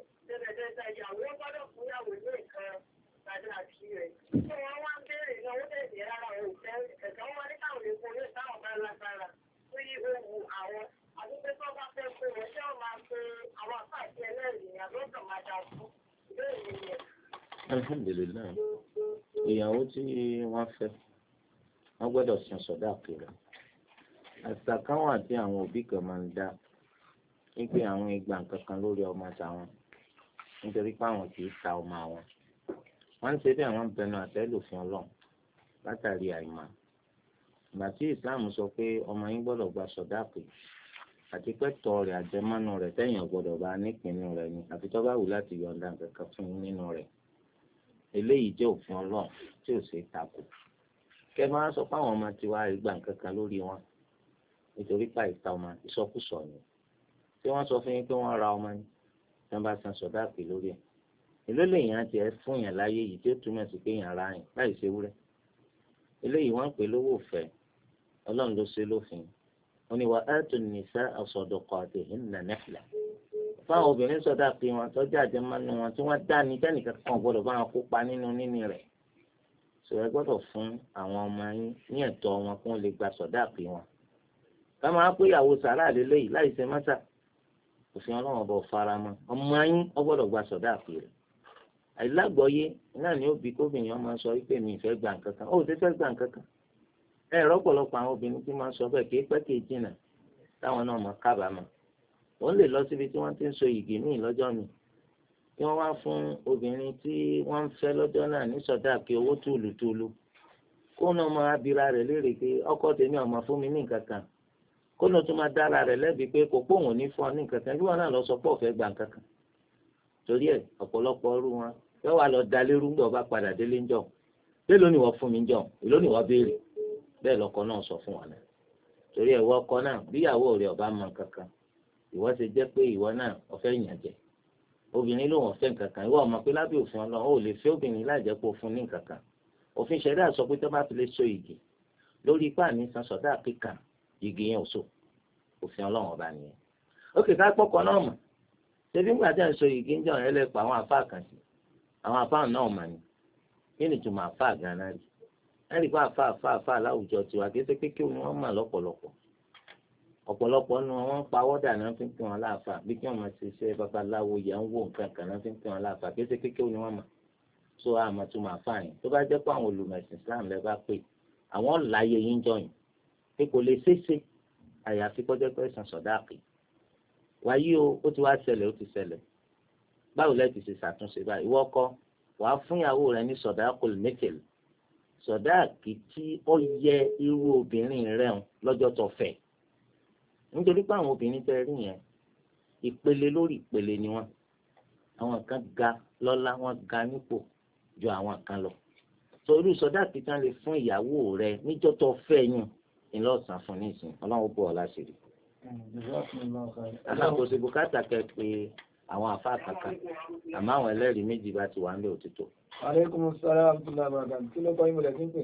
fẹ́ wọ́n gbọ́dọ̀ san sọ̀dá àpèrè àṣà káwọn àti àwọn òbí kan máa ń dá wípé àwọn ìgbà nǹkan kan lórí ọmọ àtàwọn nítorí pé àwọn kì í ta ọmọ àwọn wọ́n ń ṣe bí àwọn bẹnu àtẹ́lòfin ọlọ́run látàrí àìmọ̀ ìgbà tí ìsìláàmù sọ pé ọmọ yín gbọ́dọ̀ gba sọ̀dáàpì àti pé tọ́ rẹ̀ àjẹmọ́nú rẹ̀ tẹ̀yìn ọ̀gbọ́dọ̀ bá nípinnu rẹ̀ ni àfi tó bá wù láti yọ̀ǹda kankan fún yín nínú rẹ̀ eléyìí jẹ́ òfin ọlọ́run tí ò ṣeé takò kẹ máa sọ pé àwọn ọmọ tiwa ìgbà nǹkan kan lórí wọn nítorí pàìta ọmọ ìsọkúsọ ni tí wọ́n sọ fún yín pé wọ́n ra ọmọ ni tí wọ́n bá san sọ̀dá pè lórí ẹ̀ èló lèèyàn tiẹ̀ fún yàn láyé yìí tí ó túmọ̀ sí pé yàn ra yàn láì ṣe wúrẹ́ eléyìí wọ́n ń pè lówó fẹ́ ọlọ́run ló ṣe lófin ó ní wa atu nisa asadaqatihinna nihla fáwọn obìnrin sọ̀dá pé wọn tọ́jú àjẹmọ́nú wọn tí wọ́n dá ní kan gbọ́dọ̀ bá wọn kópa nínú níní rẹ̀ sọ ẹ gbọ́dọ̀ fún àwọn ọmọ yín ní ẹ̀tọ́ wọn kí lè gba sọ̀dáàpì wọn ká máa pé ìyàwó sàrà láì ṣe mọ́tà òfin ọlọ́run ọba fara mọ́ ọmọ yín ọ gbọ́dọ̀ gba sọ̀dáàpì rẹ̀ àìlágbọ́yé náà ni òbí kóbìnrin ọmọ sọ wípé mi ìfẹ́ gba nǹkan kan ó ti fẹ́ gba nǹkan kan ẹ àwọn obìnrin kì í jìnnà táwọn kí wọ́n wá fún obìnrin tí wọ́n ń fẹ́ lọ́jọ́ náà ní sọ̀dá kí owó tòlùtòlù kó náà máa bira rẹ̀ léèrè pé ọkọ tèmi ọmọ fún mi ní nǹkan kan kó náà tún máa dára rẹ̀ lẹ́bi pé kò póhùn ní fún ọ ní nǹkan kan bí wọ́n náà lọ sọ pé ọ̀fẹ́ gba nǹkan kan torí ẹ̀ ọ̀pọ̀lọpọ̀ ọrú wọn yóò wá lọ da lérú ńgbà ọba padà délé ńjọ èló ni wọ́n fún mi ńjọ èló ni wọ́n béèrè bẹ́ẹ̀ lọkọ náà sọ fún wọn náà torí ẹ̀ wọ́n ọkọ náà bíyàwó rẹ̀ ọba mọ nǹkan kan ìwọ ṣe jẹ́ pé ìwọ náà ọ̀fẹ́ ìyànjẹ́ obìnrin ló wọ́n fẹ́ nǹkan kan ìwọ ọmọ pé lábẹ́ òfin ọlọ́run ó lè fẹ́ obìnrin láì jẹ́ pé o fún ní nǹkan kan òfin ṣẹ̀dá sọ pé tó bá fi lè so igi lórí ipá mi san sọ̀dá àpékà igi yẹn ò so òfin ọlọ́run ọba nìyẹn ó kì í ká pọ̀kọ̀ náà mọ̀ ṣebí ńgbà tẹ̀ ń so igi ń jẹ́ ọ̀rẹ́ àwọn afá kan sí àwọn afá náà mọ̀ ni kí ni tùmọ̀ afá gan-an rí ẹ̀ rí pé afá afá afá láwùjọ tiwa kì í ṣe pé kí wọ́n mọ̀ ọ̀pọ̀lọpọ̀ nu wọn ń pawọ́ dà náà fi ń pè wọn láàfà bí kí wọn máa ṣe iṣẹ́ babaláwo yà ń wò nǹkan kan náà fi ń pè wọn láàfà kéṣe kékeré ni wọn mà so àmọ́ tó máa fà yín tó bá jẹ́ pé àwọn olùmẹ̀sìn Islam lẹ bá pè àwọn láàyè yín jọyìn pé kò lè ṣeéṣe àyàfi kọjá pé ẹ̀sán sọ̀dáàkì wáyé o ó ti wá ṣẹlẹ̀ ó ti ṣẹlẹ̀ báwo lẹ́ẹ̀ ti ṣe ṣàtúnṣe báyìí ìwọ nítorí pé àwọn obìnrin tẹ rí yẹn ìpele lórí ìpele ni wọn àwọn kan ga lọ́lá wọn ga nípò ju àwọn kan lọ torí sọdá kìtàn lè fún ìyàwó rẹ níjọ́ tó fẹ́ yún ìlọsàn fún nísìnyí Ọlọ́run bọ ọ láṣìírí. alákòóso bùkátà kẹ pé àwọn àfa kankan àmọ́ àwọn ẹlẹ́rìí méjì bá ti wà ń lé òtítọ́. aleykum salaam wa rahmatulah abdullah kí ló kọ́ yín mo lẹ́sìn pè.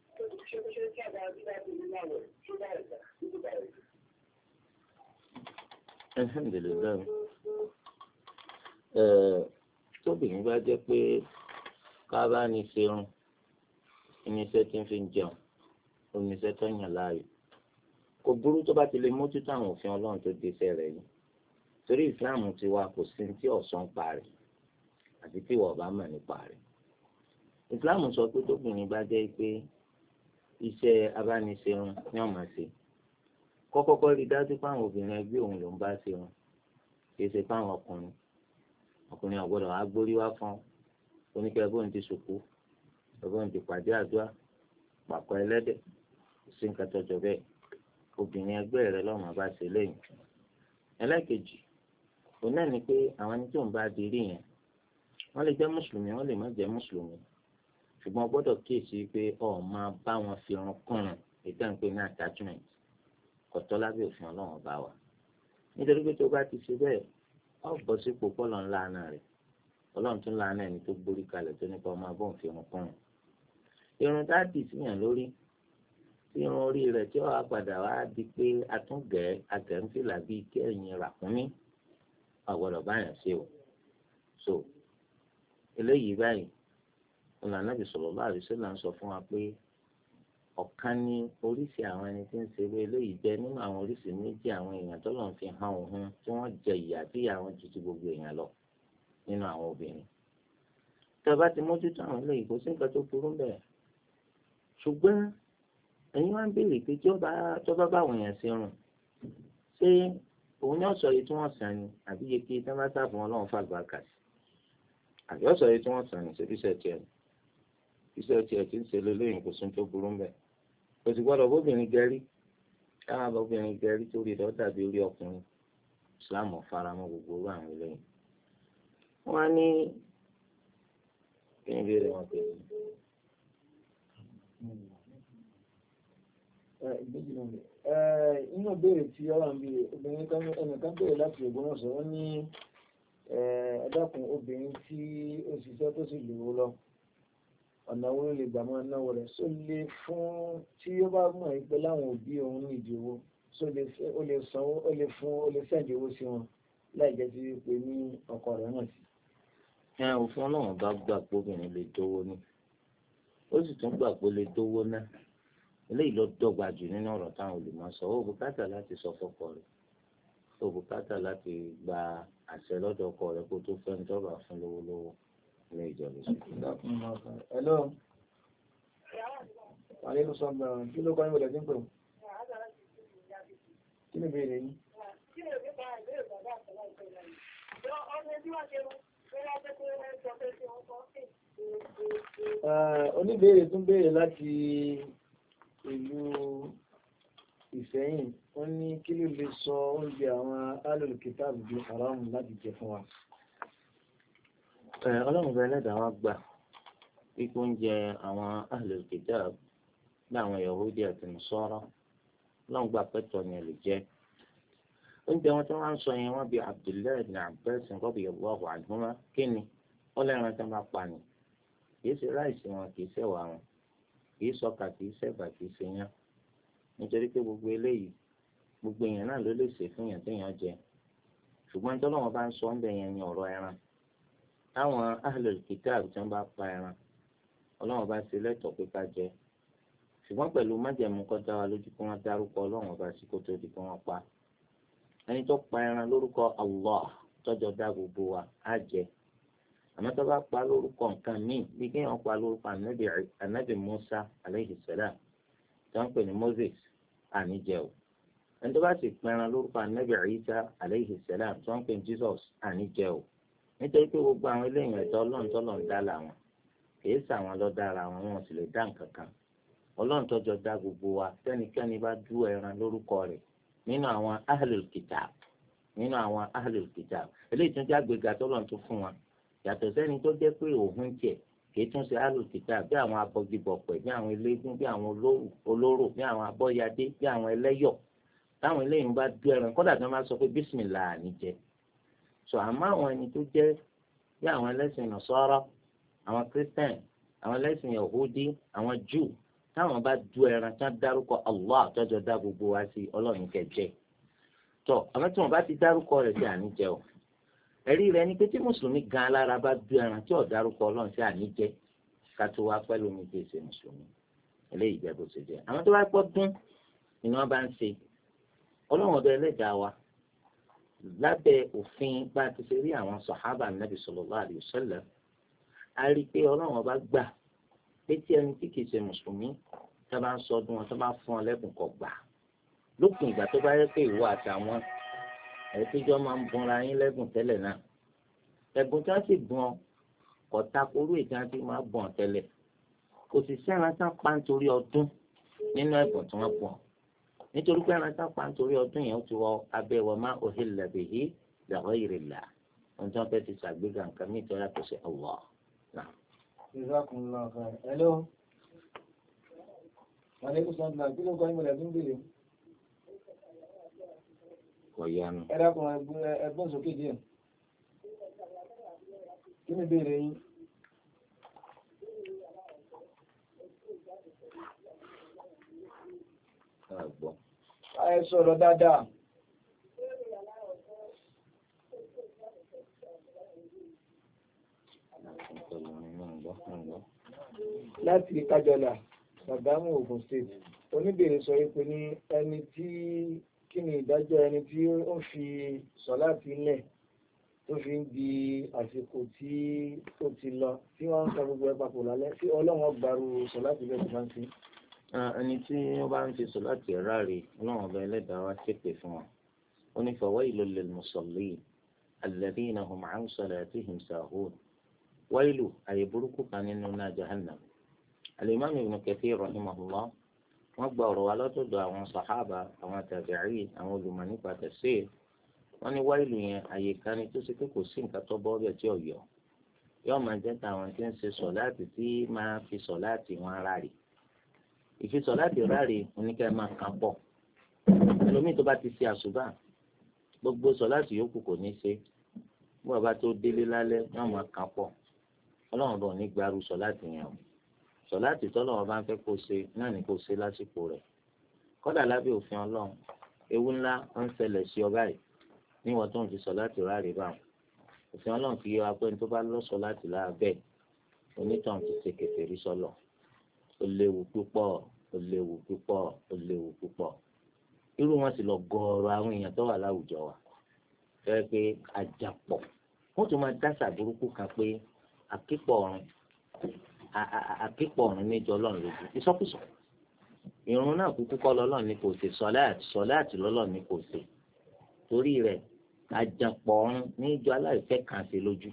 alhamdulilayi ẹ tóbìnrin bá jẹ́ pé kábà ní serun oníṣẹ́ tí ń fi jẹun oníṣẹ́ tó yàn láàyò kò burú tó bá ti lè mójútó àwọn òfin Ọlọ́run tó di iṣẹ́ rẹ̀ yìí torí ìsìláàmù ti wá kò sí tí ọ̀sán pa rẹ̀ àti tí ìwà ọ̀bá mọ̀ nípa rẹ̀ ìsìláàmù sọ pé tóbìnrin bá jẹ́ pé iṣẹ́ abániṣerun ní ọ̀mà ṣe kọ́kọ́kọ́ rí dájú pé àwọn obìnrin ẹgbẹ́ òun ló ń bá ṣerun kì í ṣe pé àwọn ọkùnrin ọkùnrin ọ̀gbọ́dọ̀ á gbórí wá fún oníkẹ́ bóun ti ṣòkó bóun ti pàdé àdúrà pàpọ̀ ẹlẹ́dẹ̀ sí nǹkan tọ́jọ́ bẹ́ẹ̀ obìnrin ẹgbẹ́ rẹ lọ́mọ bá ṣe lẹ́yìn ẹlẹ́kejì òun náà ni pé àwọn ẹni tó ń bá dirí yẹn wọ́n lè jẹ́ mùsùlùmí wọ́n lè má jẹ́ mùsùlùmí ṣùgbọ́n gbọ́dọ̀ kíyèsí pé ọ̀ máa bá wọn fi ọrùn kùnrin ìtàn pé ní attachment kọ̀tọ́ lábẹ́ òfin ọlọ́run bá wa nítorí pé tó bá ti ṣe bẹ́ẹ̀ ọ̀ bọ́ sípò pọ́lọ̀ ńlá náà rẹ̀ ọlọ́run tún lánàá ẹni tó gbórí kalẹ̀ tó nípa ọmọ abọ́n fi hàn kún un. irun dáàdì síyàn lórí irun orí rẹ̀ tí wàá padà wá di pé atúngẹ̀ agẹ̀ńfìlà bíi kẹ́yìn ràkúnmí àgbọ̀dọ̀ báyàn ṣe o. so eléyìí báyìí ìlànàbì sallallahu alaihi wasallam sọ fún wa pé ọ̀kan ní oríṣi àwọn ẹni tí ń ṣe wé eléyìí jẹ́ nínú àwọn oríṣi méjì àwọn èèyàn tó lọ́n fi hàn òun tí wọ́n jẹ ìyà bí àwọn ju ti gbogbo èèyàn lọ nínú àwọn obìnrin. tẹ́ bá ti mójútó àwọn eléyìí kò sí nǹkan tó burú bẹ́ẹ̀ ṣùgbọ́n ẹ̀yin wá ń béèrè pé tí ó bá báwọn èèyàn ṣe rùn ṣé òun ní ọ̀sọ̀ yìí tí wọ́n sàn ni àbí yeke tí wọ́n bá sáà fún ọlọ́run fàgbà kà iṣẹ́ tiẹ̀ ti ń ṣe lélẹ́yìn kò sún tó burú mbẹ́ kò sì gbọ́dọ̀ bóbìnrin gẹ́rí káwọn bóbìnrin gẹ́rí tó rí lọ́ọ́ dàbí orí ọkùnrin Islam faramọ́ gbogbo orú àwọn eléyìí. wọ́n á ní kí n lè rẹ̀ wọ́n pè é. inú ìbéèrè tí ọ̀rọ̀ àmì obìnrin kan ẹnìkan béèrè láti Ògbómọ̀ṣọ́ ó ní ẹ̀ẹ́dẹ́kun obìnrin tí ó ṣiṣẹ́ tó sì lò ó lọ ọ̀nà owó lè gbà máa náwó rẹ̀ só lè fún tí ó bá mọ̀ pé láwọn òbí òun nídìí owó só ó lè sanwó o lè fún ó lè sẹ́ǹdì owó sí wọn láì jẹ́ sí pé ní ọkọ rẹ̀ mọ̀ sí. ẹ òfin ọlọ́run bá gbà pé obìnrin lè dówó ní ó sì tún gbà pé lè dówó náà eléyìí ló dọ́gba jù nínú ọ̀rọ̀ táwọn olùmọ̀ sọ ó bùkátà láti sọ fọ́kọ rẹ̀ ó bùkátà láti gba àṣẹ lọ́dọ̀ ọkọ rẹ̀ kó tó fẹ́ ń tọ́ba fún lówólówó ilé ìjọba Hello. Àlékún sọ́gbà kí ló kọ́ ní ìwòlẹ̀ tí ń pè wọ́n? Kí ni ìbéèrè yín? Kí ni ìbéèrè ìbéèrè bàbá àtàlà ìṣẹ̀lẹ̀ yìí? Ọmọ ẹbí wà oníbèèrè tún béèrè láti ìlú Ìsẹ́yìn ó ní kí ló lè sọ oúnjẹ àwọn alòlùkítàbù di haramu láti jẹ fún wa ọlọ́run bẹ ẹlẹ́dàá wa gbà pípé oúnjẹ àwọn ahlul kitab ní àwọn yahudi àti nasara ọlọ́run gbà pẹ́tọ́ ni ẹ lè jẹ́ oúnjẹ wọn tí wọ́n ń sọ yẹn wọ́n bí abdullahi ibn abbas radiyallahu anhuma kí ni ọlọ́run tí wọ́n bá pa ni kìí ṣe ráìsì wọn kìí ṣẹ̀wà wọn kìí sọkà kìí ṣẹ̀bà kìí ṣe yán nítorí pé gbogbo eléyìí gbogbo èèyàn náà ló lè ṣe fún èèyàn téèyàn jẹ ṣùgbọ́n tí bá ń sọ ọ́nbẹ yẹn ni ọ̀rọ̀ ẹran táwọn ahlul kitab tí wọ́n bá pa ẹran ọlọ́run bá ṣe lẹ́tọ̀ọ́ pé ká jẹ ṣùgbọ́n pẹ̀lú májẹ̀mú kó dá wa lójú kí wọ́n dárúkọ ọlọ́run bá sí kó tó di kí wọ́n pa ẹni tó pa ẹran lórúkọ Allah tọ́jọ́ dá gbogbo wa á jẹ àmọ́ tó bá pa lórúkọ nǹkan míì bí kéèyàn pa lórúkọ anabi Musa alayhi tó ń pè ní Moses àní jẹ o ẹni tó bá sì pẹran lórúkọ anabi Isa alayhi tó ń pè ní Jesus àní jẹ o nítorí pé gbogbo àwọn eléyìí ẹ̀dá ọlọ́run tọ́lọ̀ ń dá làwọn kìí sàwọn lọ dára wọn wọn sì lè dá nǹkan kan ọlọ́run tọ́jọ́ dá gbogbo wa tẹ́nikẹ́ni bá dú ẹran lórúkọ rẹ̀ nínú àwọn ahlul kitab nínú àwọn ahlul kitab eléyìí tún jẹ́ àgbéga tọ́lọ́run tó fún wa yàtọ̀ sẹ́ni tó jẹ́ pé òun tiẹ̀ kìí tún ṣe ahlul kitab bí àwọn abọ́gibọ̀pẹ̀ bí àwọn eléégún bí àwọn olóró bí àwọn abọ́yadé bí àwọn ẹlẹ́yọ̀ táwọn eléyìí bá dú ẹran kọ́dà tí wọ́n bá sọ pé bísímìlà sọ àmọ́ àwọn ẹni tó jẹ́ bí àwọn ẹlẹ́sìn nàṣọ́rọ́ àwọn kírísítẹ́n àwọn ẹlẹ́sìn yahudi àwọn júù táwọn bá du ẹran tán dárúkọ allah àtọ́jọ́ dá gbogbo wa sí ọlọ́run kẹjẹ tọ àmọ́ tí wọ́n bá ti dárúkọ rẹ̀ sí àníjẹ o ẹ̀rí rẹ̀ ni pé tí mùsùlùmí gan alára bá du ẹran tí ò dárúkọ ọlọ́run sí àníjẹ ká tó wá pẹ́ lómi tí èsè mùsùlùmí eléyìí jẹ́ bó ṣe jẹ́ àwọn tó bá pọ́ dún ni wọ́n bá ń ṣe ọlọ́run ọ̀dọ̀ ẹlẹ́dàá wa lábẹ́ òfin bá a ti ṣe rí àwọn sọ̀hábà nàbì sallallahu alaihi wasallam a rí i pé ọlọ́run ọba gbà pé tí ẹni tí kìí ṣe mùsùlùmí tó bá ń sọdún wọn tó bá fún ọ lẹ́bùn kó gbà lópin ìgbà tó bá yẹ pé ìwọ àtàwọn ẹ̀ẹ́dẹ́jọ́ máa ń bunra yín lẹ́bùn tẹ́lẹ̀ náà ẹ̀bùn tí wọ́n sì bùn ọ kò takorú èyí tí máa bùn tẹ́lẹ̀ kò sì sẹ́ran tán pa nítorí ọdún nínú ẹ̀bùn tí wọ́n bùn nítorí pé ẹran sápá nítorí ọdún yẹn ti wọ abẹ́ wọn má uhilla bihi li ghayrillah ohun tí wọ́n fẹ́ ti ṣàgbéga nǹkan mí ìtọ́ra kò sí ọ̀wọ́ hello. maaleykum salaam náà kí ló ń kọ́ ìmọ̀lẹ̀ tó ń bèrè. kò yanu. ẹ dákun ẹgbọ́n sókè díẹ̀ kí ni ìbéèrè yín. àgbọ́. ẹ sọ̀rọ̀ dáadáa. láti kájọlà sàgámù Ògùn state oníbèrè sọ wípé ní ẹni tí kí ni ìdájọ́ ẹni tí ó fi sọ láti ilẹ̀ tó fi ń di àsìkò tí ó ti lọ tí wọ́n ń ka gbogbo ẹ̀ papọ̀ lálẹ́ tí ọlọ́run gbarú sọ láti ilẹ̀ tó máa ń sin. Ah, ẹni tí wọ́n bá ń ṣe sọ̀láàtì ráre ọlọ́run ọba ẹlẹ́dàá wa ṣépè fún wa ó ní fawailul lil musallin alladhina hum an salatihim sahun wáìlù àyè burúkú kan nínú náà jahannam alimami ibn kathir rahimahullah wọ́n gba ọ̀rọ̀ wa lọ́dọ̀dọ̀ àwọn sàhábà àwọn tàbí'í àwọn olùmọ̀ nípa tafsir wọ́n ní wáìlù yẹn àyè kan ni tó ṣe pé kò sí nǹkan tó bọ́ bẹ́ẹ̀ tí ò yọ yóò máa jẹ́ tàwọn tí ń ṣe sọ̀láàtì tí máa fi sọ̀láàtì wọn ráre ìfisọ̀ láti ráre oníkẹ́ máa kà pọ̀ ẹlòmíì tó bá ti ṣe àṣùbà gbogbo sọ láti yòókù kò ní ṣe bí wọn bá tó délé lálẹ́ yóò máa kà pọ̀ ọlọ́run bọ̀ ní gbaru sọ láti yàn o sọ láti tọ́lọ́run bá ń fẹ́ kó ṣe náà ní kó ṣe lásìkò rẹ̀ kọ́dà lábẹ́ òfin ọlọ́run ewu ńlá ń ṣẹlẹ̀ sí ọba yìí níwọ̀n tó ń fi sọ láti ráre báwọn òfin ọlọ́run fi yọ apẹ́ni tó bá lọ́sọ láti láàbẹ̀ onítàn ti ṣe kẹfẹ́ rí sọlọ́ọ̀ ó léwu púpọ̀ ó léwu púpọ̀ ó léwu púpọ̀ irú wọn sì lọ gọ̀ọ̀rọ̀ àwọn èèyàn tó wà láwùjọ wa fẹ́ pé àjàpọ̀ wọ́n tún máa dásà burúkú kan pé àkípọ̀ ọ̀run àkípọ̀ ọ̀run níjọ ọlọ́run lójú ìsọkúsọ ìrun náà kúkú kọ́ lọ́lọ́run ní kò ṣe sọ́láàtì sọ́láàtì lọ́lọ́run ní kò ṣe torí rẹ̀ àjàpọ̀ ọ̀run níjọ aláìfẹ́ kan ṣe lójú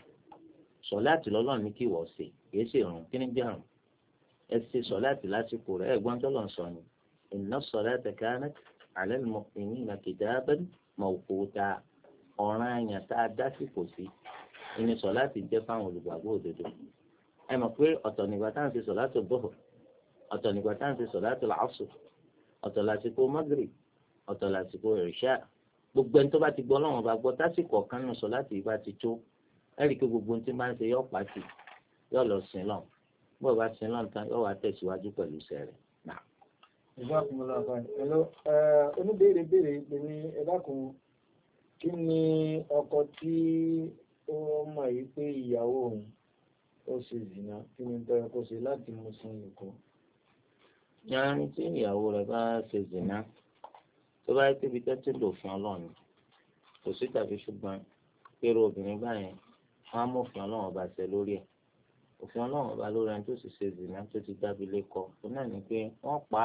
sọ́láàtì lọ́lọ́run ní kí wọ́n ṣe kìí ṣe ìrun kí ni bí àrùn ẹ ṣe sọ láti lásìkò rẹ̀ ẹ̀gbọ́n tó lọ sọ ni inna salata kanat ala al-mu'minina kitaban mawquta ọ̀ràn àyàn tá a dá sípò sí ìní sọ láti jẹ́ fáwọn olùgbàgbọ́ òdodo ẹ mọ̀ pé ọ̀tọ̀ nígbà tá à ń ṣe sọ̀látò bọ̀họ̀ ọ̀tọ̀ nígbà tá à ń ṣe sọ̀látò làásù ọ̀tọ̀ lásìkò magre ọ̀tọ̀ lásìkò ìrìṣà gbogbo ẹni tó bá ti gbọ́ lọ́wọ́n bá gbọ́ tásìkò ọ̀kan nù sọ̀látì bá ti tó ẹ̀rí pé gbogbo ohun tí máa ń ṣe yọ pàṣẹ yọ lọ sìn lọ́wọ́ bó o bá ṣe náà tán yóò wá tẹ̀síwájú pẹ̀lú iṣẹ́ rẹ̀ náà. ìdákùnrin lọ́ba ẹ̀lọ́ oníbèrè béèrè pé ní ẹ̀dákùn kí ni ọkọ tí ó mọ̀ yìí pé ìyàwó òun ó ṣe zìnà kí ni tọ́ ẹ̀kọ́ ṣe láti mú sun ìkọ́. yanni tí ìyàwó rẹ̀ bá ṣe zìnà tó bá yẹ kébi tẹ́tí lòfin ọlọ́run kò sí tàbí ṣùgbọ́n pé obìnrin báyẹn wọ́n á mú òfin ọlọ́run ọba ṣe lórí ẹ̀ òfin ọlọ́run ọba lórí ẹni tó sì ṣe zìnà tó ti dábìlẹ̀ kọ fún náà ni pé wọ́n pa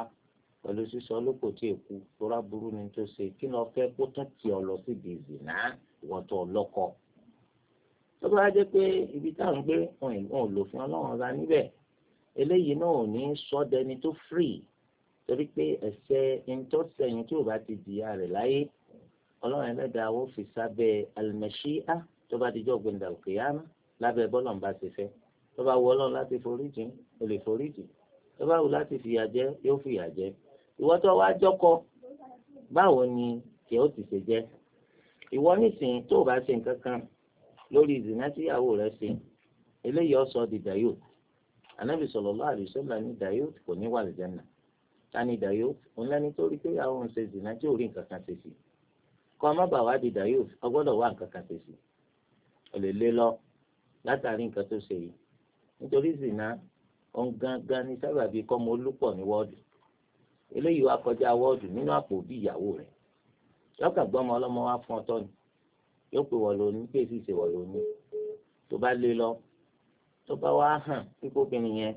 pẹ̀lú sísọ lóko tí èkú tóra burú ni tó ṣe kí lọ fẹ́ kó tún tì ọ lọ síbi zìnà ìwọ́tọ̀ ọlọ́kọ. tó bá jẹ́ pé ibi táwọn gbé wọn ò lòfin ọlọ́run ọba níbẹ̀ eléyìí náà ò ní sọ dẹni tó free torí pé ẹ̀ṣẹ̀ ìtọ́sẹ̀yìn tí ò bá ti dìyà rẹ̀ láyé ọlọ́run ẹlẹ́dàá ó fi sábẹ́ àlùmọ̀ṣíà tó bá dijọ́ gbẹ̀ndàlùkìyàmá lábẹ́ bọ́lọ̀ ń bá ṣe fẹ́ tó bá wù Ọlọ́run láti foríjìn ó lè foríjìn tó bá wù láti fìyà jẹ yóò fìyà jẹ ìwọ tó wá jọkọ báwo ni kí ó ti ṣe jẹ ìwọ nísìnyí tó o bá ṣe nǹkan kan lórí ìzìnà tíyàwó rẹ ṣe eléyìí ọsọ di dayot anabi sallallahu alaihi wasallam ní dayot kò ní wà lìjẹnà tani dayot òun lẹni tó rí péyàwó ń ṣe ìzìnà tí ò rí nǹkan kan ṣe sí kọ ọmọ bàbá di dayot ọgbọ́dọ̀ wà nǹkan kan ṣe sí o lè lé lọ látàrí nǹkan tó ṣe yìí nítorí zina òun gangan ni sábàbí kọ́mọ olúpọ̀ ní wọ́ọ̀dù eléyìí wá kọjá wọ́ọ̀dù nínú àpò bí ìyàwó rẹ̀ lọ́kàn gbọ́mọ ọlọ́mọ wá fún ọtọ́ ni yóò pè wọ́n lóní pé èsì ṣe wọ́n lóní tó bá lé lọ tó bá wá hàn kíkóbìnrin yẹn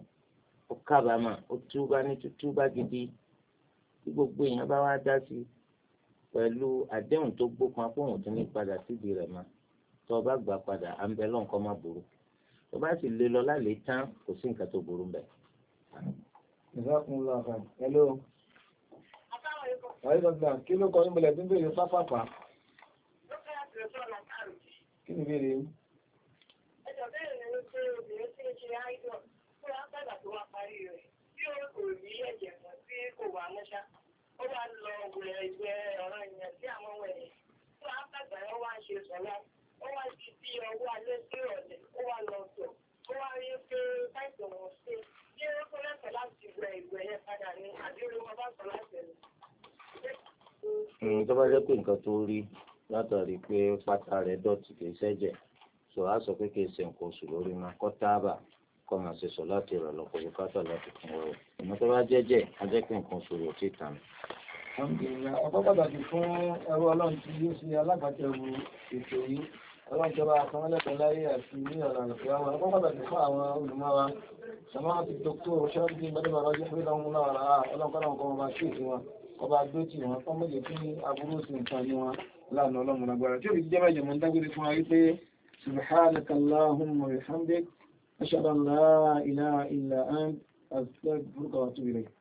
ó kábàámà ó túbá ní túbá gidi tí gbogbo èèyàn bá wá dá sí pẹ̀lú àdéhùn tó gbópọn apóhùn tó ní padà sídìí rẹ̀ mọ́ tó o bá gbà padà à ń má burú tó bá sì lé lọ lálẹ́ tán kò sí nǹkan tó burú bẹ́ẹ̀. ìsọkùn lọ ọ̀fà ẹ̀ló. ọ̀rẹ́ dọ́kítà kí ló kọ níbo lẹ́tí ń béèrè pápápá. kí ni ìbéèrè yín. ẹ̀jọ̀ bẹ́ẹ̀ ni ó ṣe obìnrin tí ń ṣe áìdọ̀ fún ápẹ́gbà tó wá parí rẹ̀ bí ó kò rí ẹ̀jẹ̀ mọ́ tí kò wà mọ́ṣá ó wá lọ wẹ̀ ẹ̀jẹ̀ ọ̀rọ̀ ìyẹn sí àwọn ọmọ ẹ̀yìn fún ápẹ́gbà yẹn wá ṣe sọ́lá ó wá di bí ọwọ́ alẹ́ sí ọ̀lẹ́ ó wá lọ sọ ó wá rí pé báyìí wọn ṣe bí ó tó lẹ́sọ̀ láti wẹ ìwẹ̀ yẹn padà ní àdéhùn wọn bá sọ láti ẹ̀ hmm, tó bá jẹ́ pé nǹkan tó rí látàrí pé pátá rẹ̀ dọ̀tí kì í ṣẹ̀jẹ̀ sọ á sọ pé kì í ṣe nǹkan oṣù lórí máa kọ́ táàbà kọ́ máa ṣe sọ láti rọ̀ lọ́pọ̀ bùkátà láti fún ọ. ìmọ̀ tó bá jẹ́jẹ̀ á jẹ́ pé nǹkan oṣù rẹ̀ ò tí ì tàn. ọ̀pọ̀ pàtàkì fún ẹrú ọlọ́run tí yóò ṣe alágbàtẹ̀wò ètò yìí ọlọ́run jọba àkọmọ́lẹ́kọ̀ọ́ láyé àti ní ọ̀nà àlùfíàmọ́ ọkọ̀ pàtàkì fún àwọn olùmọ́ra sọmọ́ràn ti dókítà ṣọ́ọ́dún mẹ́tẹ́bà rọ́jẹ́ fún ìlànà náà rà á ọlọ́nkọ́lá nǹkan ọba ṣe ìsìn wọn ọba dókì wọn kọ́ méje kí aburú sí nǹkan ní wọn láàánú ọlọ́run lágbára tí ó fi jẹ́ bẹ́ẹ̀ jẹ̀mọ́ dágbére fún ayé pé subhanaka illa ant astaghfiruka wa